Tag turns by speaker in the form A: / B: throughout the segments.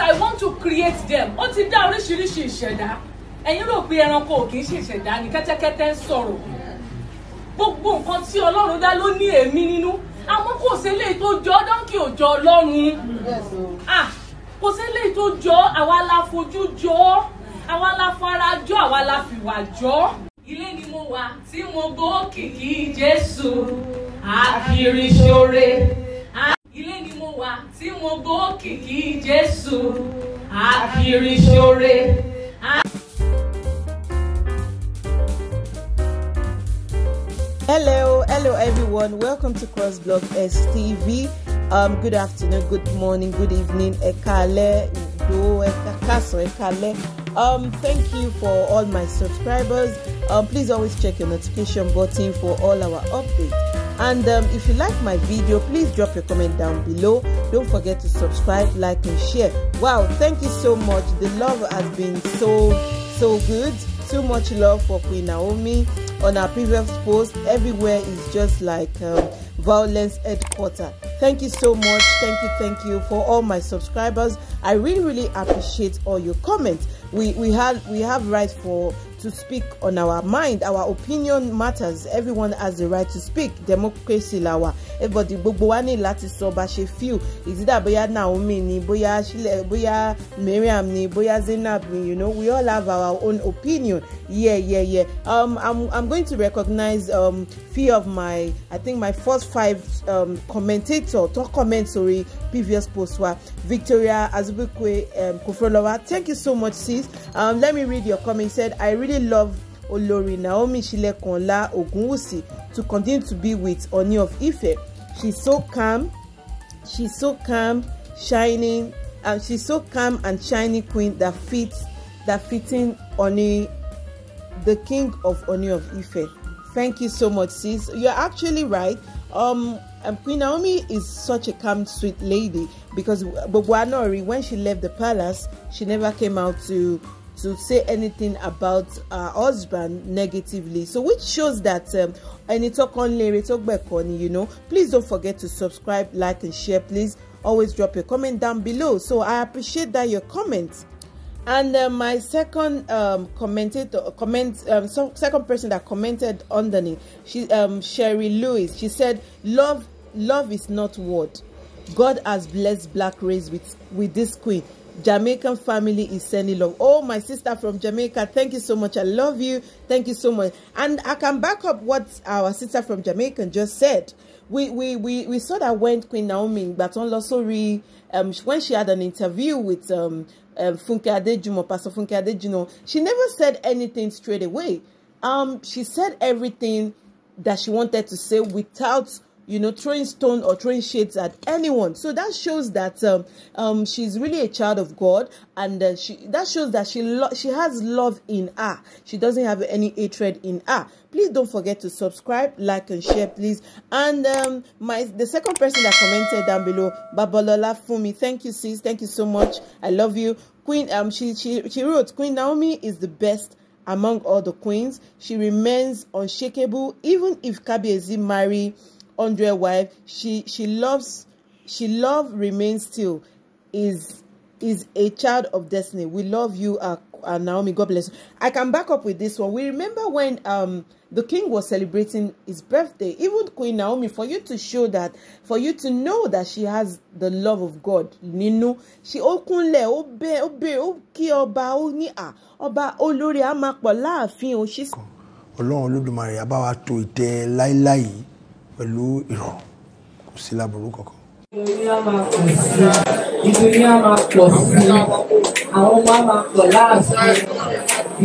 A: I want to create them. Ó ti dá oríṣiríṣi ìṣẹ̀dá. Ẹ̀yin rò pé ẹranko ò kì í ṣe ìṣẹ̀dá ni kẹ́tẹ́kẹ́tẹ́ ń sọ̀rọ̀. Gbogbo nǹkan tí Ọlọ́run dá ló ní èmi nínú. Àmọ́ kò sí eléyìí tó jọ dọ́ńkì ò jọ Ọlọ́run. Ah, kò sí eléyìí tó jọ àwa la fojú jọ àwa la fara jọ àwa la fìwà jọ. Ilé ni mo wà tí mo gbọ́ kìkì Jésù. Àkìrìṣòre. tí mo Jésù àkìrí ṣoore.
B: Hello, hello everyone. Welcome to Crossblog STV. Um, good afternoon, good morning, good evening, Ekale, Eh, eh, eh, um thank you for all my subscribers um, please always check your notification button for all our updates and um, if you like my video please drop your comment down below don't forget to subscribe like and share wow thank you so much the love has been so so good so much love for queen naomi on our previous post everywhere is just like um, violence headquarters Thank you so much. Thank you, thank you for all my subscribers. I really, really appreciate all your comments. We we had we have right for to speak on our mind our opinion matters everyone has the right to speak democracy làwà everybody gbogbo wa ní láti sọ bá ṣe feel ìdídà bóyá Naomi ni bóyá Shile bóyá Mariam ni bóyá Zainab ni you know we all have our own opinion yeah yeah yeah um, I'm, I'm going to recognize um, few of my I think my first five um, commentator tó comment Sorry, previous post wa Victoria Azubikwe um, Kofrolowa thank you so much sis um, let me read your comment he said I really really love Olori Naomi Shilekanla Ogunwusi to continue to be with Oni of Ife. She's so calm, she's so calm, shining, and uh, she's so calm and shiny queen that fits that fitting Oni, the king of Oni of Ife. Thank you so much, sis. You're actually right. Um, and um, Queen Naomi is such a calm, sweet lady because Bogwanori, when she left the palace, she never came out to to say anything about her husband negatively. So which shows that any talk on Larry, talk tó gbẹ̀kọ́ you know please don't forget to subscribe like and share please always drop your comment down below so I appreciate that your comments. And uh, my second um, comment, um, so second person that commented underneath, she, um, Sherry Lewis, she said, "Love, love is not word. God has blessed Black race with with this queen. Jamaican family is sending love. Oh, my sister from Jamaica, thank you so much. I love you. Thank you so much. And I can back up what our sister from Jamaica just said. We we we, we saw that when Queen Naomi but on Losori, um, when she had an interview with um, um Funke Adejumo, Pastor Funke Adejumo, she never said anything straight away. Um, she said everything that she wanted to say without you know, throwing stone or throwing shades at anyone. So that shows that um, um, she's really a child of God, and uh, she that shows that she lo- she has love in her. She doesn't have any hatred in her. Please don't forget to subscribe, like, and share, please. And um, my the second person that commented down below, Babalola Fumi. Thank you, sis. Thank you so much. I love you, Queen. Um, she she she wrote Queen Naomi is the best among all the queens. She remains unshakable even if Kabiezi marry hundred wife she she loves she love remains still is is a child of destiny we love you uh, uh, Naomi God bless you I can back up with this one we remember when um the king was celebrating his birthday even Queen Naomi for you to show that for you to know that she has the love of God Ninu, she ó kúnlẹ̀ ó bẹ̀ ó bẹ̀ ó kí ọba ó ní à ọba olórí a máa pọ̀ láàfin o. ọlọ́run olódùmarè a to wa tò ìtẹ́ láíláí yìí pẹ̀lú ìrọ̀rùn kò sí láburú kankan.
A: ìròyìn á máa pọ̀ sí i àwọn ọmọ á máa pọ̀ láàfin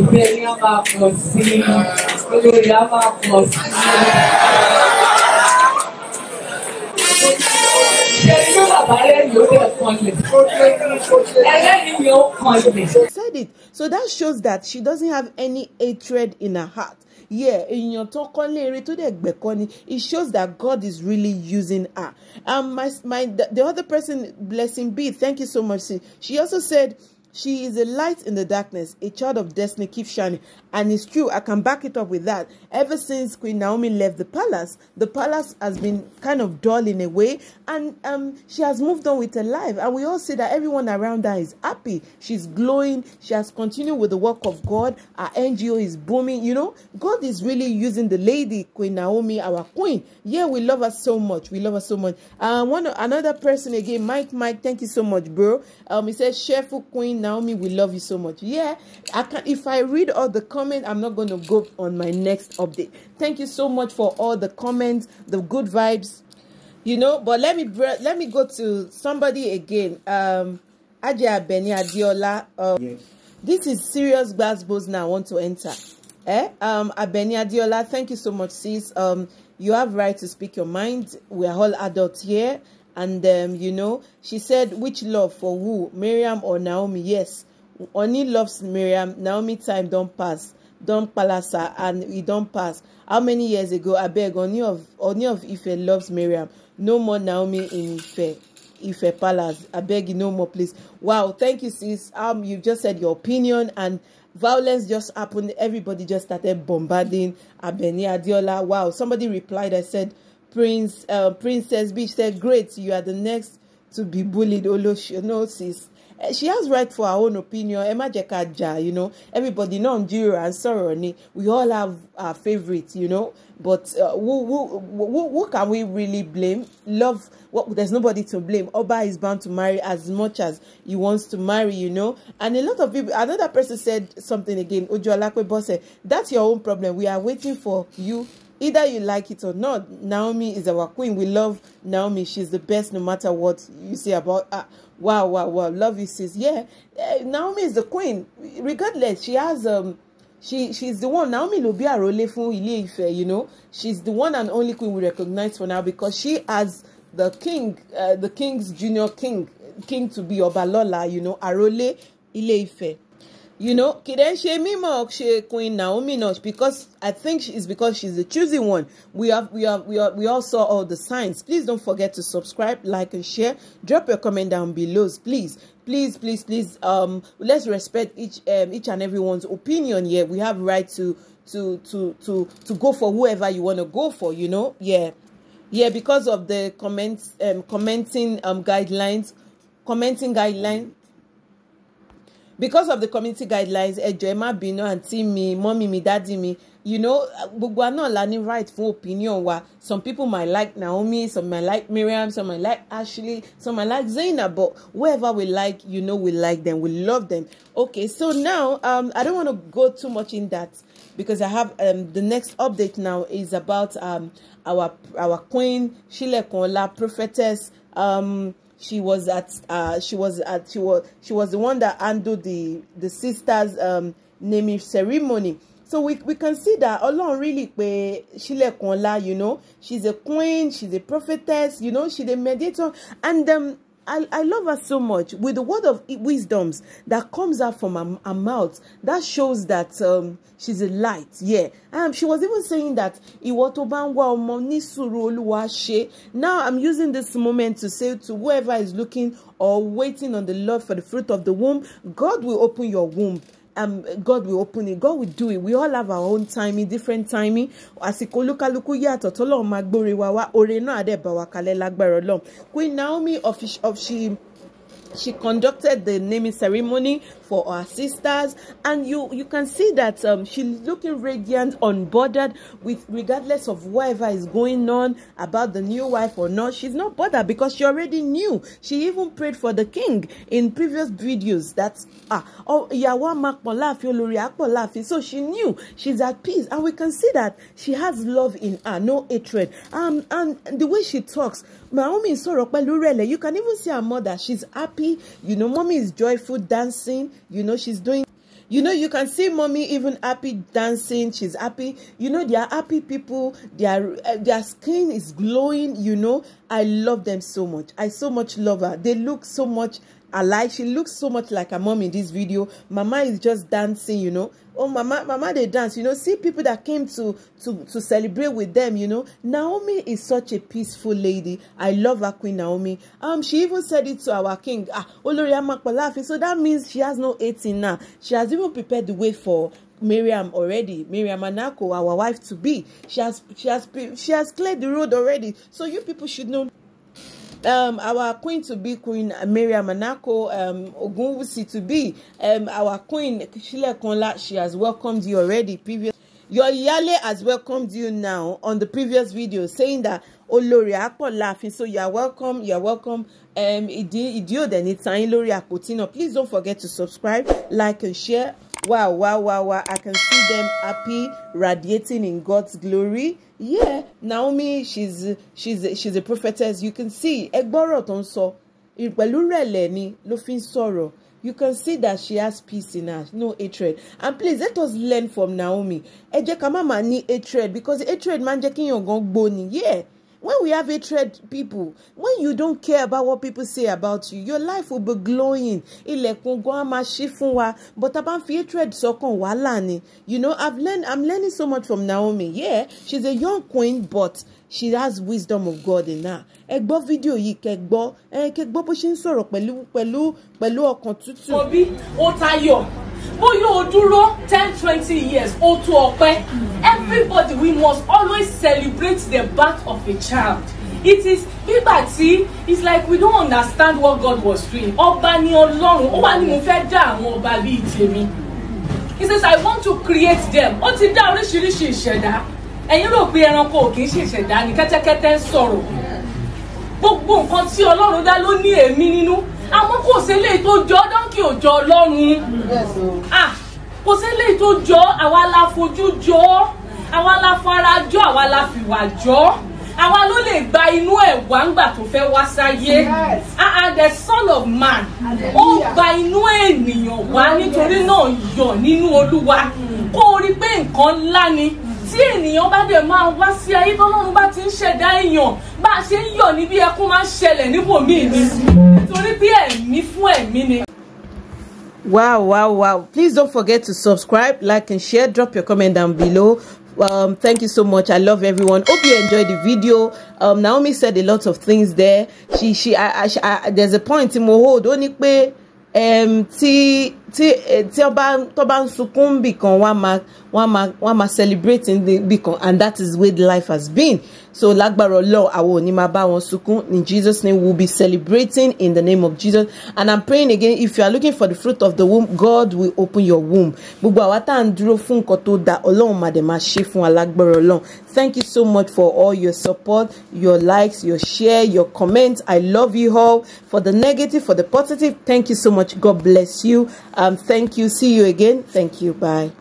A: ìròyìn á máa pọ̀ sí i ìròyìn á máa pọ̀ sí i.
B: Said it. So that shows that she doesn't have any hatred in her heart. yeah in your talk on eré tó it shows that God is really using her and my my the other person blessing be thank you so much she also said. She is a light in the darkness, a child of destiny. Keep shining. And it's true, I can back it up with that. Ever since Queen Naomi left the palace, the palace has been kind of dull in a way, and um, she has moved on with her life. And we all see that everyone around her is happy. She's glowing. She has continued with the work of God. Our NGO is booming. You know, God is really using the lady, Queen Naomi, our queen. Yeah, we love her so much. We love her so much. Uh, one another person again, Mike. Mike, thank you so much, bro. Um, he says, for Queen Naomi, we love you so much." Yeah, I can. If I read all the comments comment, I'm not going to go on my next update. Thank you so much for all the comments, the good vibes, you know. But let me let me go to somebody again. Um, Ajia Beni Adiola. Uh, yes. This is serious Glasgow's now. I want to enter. Eh? Um, Abeni Adiola, thank you so much, sis. Um, you have right to speak your mind. We are all adults here. And, um, you know, she said, which love for who? Miriam or Naomi? Yes. Oni loves Miriam. Naomi time don't pass. don't Don't Palasa and we don't pass. How many years ago? I beg Oni of Oni of Ife loves Miriam. No more Naomi in Ife. Ife Palace. beg you no more, please. Wow, thank you, sis. Um, you just said your opinion and violence just happened. Everybody just started bombarding Abeni Adiola. Wow, somebody replied. I said, Prince uh, Princess Beach said, Great, you are the next to be bullied. Olosh, no, sis she has right for her own opinion Emma má you know everybody náà ń jíròrò à we all have our favorites, you know but uh, who, who, who, who can we really blame love there's nobody to blame Oba is bound to marry as much as he wants to marry you know and a lot of people another person said something again Ojuolape Bose that's your own problem we are waiting for you Either you like it or not, Naomi is our queen. We love Naomi. She's the best no matter what you say about her. Wow, wow, wow. Love you, sis. Yeah. Eh, Naomi is the queen. Regardless, she has um she she's the one Naomi ló bí fún Ilé Ifẹ̀ you know she's the one and only queen we recognize for now because she has the king uh, the king's junior king king to be Ọbalọ́lá you know àrólé Ilé Ifẹ̀ you know kì í Queen Naomi not because I think it's because she's the choosing one we have we have we have, we all saw all the signs please don't forget to subscribe like and share drop your comment down below please please please please um let's respect each um, each and everyone's opinion Yeah, we have right to to to to to go for whoever you want to go for you know yeah yeah because of the comments um commenting um guidelines commenting guidelines because of the community guidelines ẹjọ ẹ má bínú àǹtí mi mọ́mí mi dádì mi you know gbogbo àná la ní right fún opinion wa some people might like Naomi some might like Miriam some might like Ashley some might like Zainab but whoever we like you know we like them we love them okay so now um, I don't want to go too much in that because I have um, the next update now is about um, our our queen Shilekunola prophetess um, she was at uh, she was at she was she was the one that handled the the sisters um, naming ceremony so we we can see that alone. really she ṣílẹ̀kùn ọlá you know she's a queen she's a prophetess you know she's a mediator and um, I, I love her so much with the word of wisdoms that comes out from her, her mouth that shows that um, she's a light yeah um she was even saying that now i'm using this moment to say to whoever is looking or waiting on the lord for the fruit of the womb god will open your womb um, God will open it God will do it we all have our own timing different timing àsìkò olúkálukú yàtọ̀ tọ́lọ́run máa gbóore wa wá oore náà àdẹ̀bà wa kalẹ̀ lágbára Ọlọ́run Queen Naomi of, of she. She conducted the naming ceremony for our sisters and you you can see that um, she's looking radiant unbothered with regardless of whatever is going on about the new wife or not she's not bothered because she already knew she even prayed for the king in previous videos that's ah oh yeah so she knew she's at peace and we can see that she has love in her no hatred um and the way she talks mommy is so you can even see her mother she's happy you know mommy is joyful dancing you know she's doing you know you can see mommy even happy dancing she's happy you know they are happy people their eh, their skin is glowing you know i love them so much i so much love her they look so much Alive. She looks so much like her mom in this video. Mama is just dancing, you know. Oh, Mama, Mama, they dance. You know, see people that came to, to, to celebrate with them, you know. Naomi is such a peaceful lady. I love her, Queen Naomi. Um, She even said it to our king. Ah, Olori Amakpalafi. So that means she has no 18 now. She has even prepared the way for Miriam already, Miriam Anako, our wife to be. She has she has she has cleared the road already. So you people should know um, our queen to be queen Miriam Anako um, Ogunwusi to be um, our queen Shile Konla she has welcomed you already previous your Iyale has welcomed you now on the previous video saying that olórí àpọ̀ laughing. so you are welcome you are welcome um, ìdí ìdí òdẹ̀ ní tayín lórí àpótí please don't forget to subscribe like and share Wow, wow, wow, wow. I can see them happy, radiating in God's glory. Yeah, Naomi, she's she's she's a prophetess. You can see ẹgbọ́rọ̀ tó ń sọ pẹ̀lú rẹ̀lẹ̀ ni ló fi ń sọ̀rọ̀. You can see that she has peace in her, no hatred. And please let us learn from Naomi. Ẹ jẹ́ ká má máa ní hatred because hatred máa ń jẹ́ kí èèyàn gan gbóni. Yeah. When we have hatred people, when you don't care about what people say about you, your life will be glowing. Ilẹ̀kùn gan a máa ṣí fún wa. But a bá ń fi hatred sọ́kàn wàhálà ni. You know, I've learned, I'm learning so much from Naomi. Yeah, she's a young queen, but she has wisdom of God in her. ẹ gbọ́ fídíò yìí kẹ gbọ́ ẹ kẹ gbọ́ bó ṣe ń sọ̀rọ̀ pẹ̀lú pẹ̀lú pẹ̀lú ọkàn tútù. òbí
A: ó tayọ bóyá o dúró ten twenty years ó tó ọpẹ́ hmm. everybody we must always celebrate the birth of a child it is nígbà tí it's like we don't understand what God was doing ọba ni ọlọ́run ó wà ní mo fẹ́ dá àwọn ọba bíi tèmi he says I want to create them ó ti dá oríṣiríṣi ìṣẹ̀dá ẹ̀yin rò pé ẹranko ò kì í ṣèṣẹ̀dá ni kẹ́tẹ́kẹ́tẹ́ ń sọ̀rọ̀ gbogbo nǹkan tí ọlọ́run dá ló ní èmi nínú àmọ́ kò sílé tó jọ dọ́ńkì ò jọ ọlọ́run ah, kò sílé tó jọ àwa la fojú jọ àwa la fara jọ àwa la fìwà jọ àwa ló lè gba inú ẹ̀ wá ńgbà tó fẹ́ wá sáyé ah, ah the son of man ó gba inú ènìyàn wá nítorí náà yọ̀ nínú olúwa kó o rí pé nǹkan ńlá ni tí ènìyàn bá dẹ̀ máa wá sí ayé tọ́lọ́run bá ti ń ṣẹ̀dá èèyàn bá a ṣe ń yọ̀ níbi ẹkún máa ń ṣẹlẹ̀ níbòmíì ni torí bí ẹ̀mí fún ẹ̀mí ni.
B: Wow, wow, wow. Please don't forget to subscribe, like, and share. Drop your comment down below. Um, thank you so much. I love everyone. Hope you enjoyed the video. Um, Naomi said a lot of things there. She, she, I, I, she, I there's a point in my hold. Only pay, um, tí tí eh, tí ọba tó bá ń sunkún bì kan wọ́n máa wọ́n máa wọ́n máa celebrate bì kan and that is where life has been so lágbára Ọlọ́run àwọn ò ní máa bá wọn sunkún in Jesus name we will be celebrating in the name of Jesus and I'm praying again if you are looking for the fruit of the womb God will open your womb gbogbo àwa tá à ń dúró fún nǹkan tó dáa Ọlọ́run máa dẹ̀ máa ṣe fún wa lágbára Ọlọ́run thank you so much for all your support your likes your share your comments I love you all for the negative for the positive thank you so much God bless you. Um, thank you. See you again. Thank you. Bye.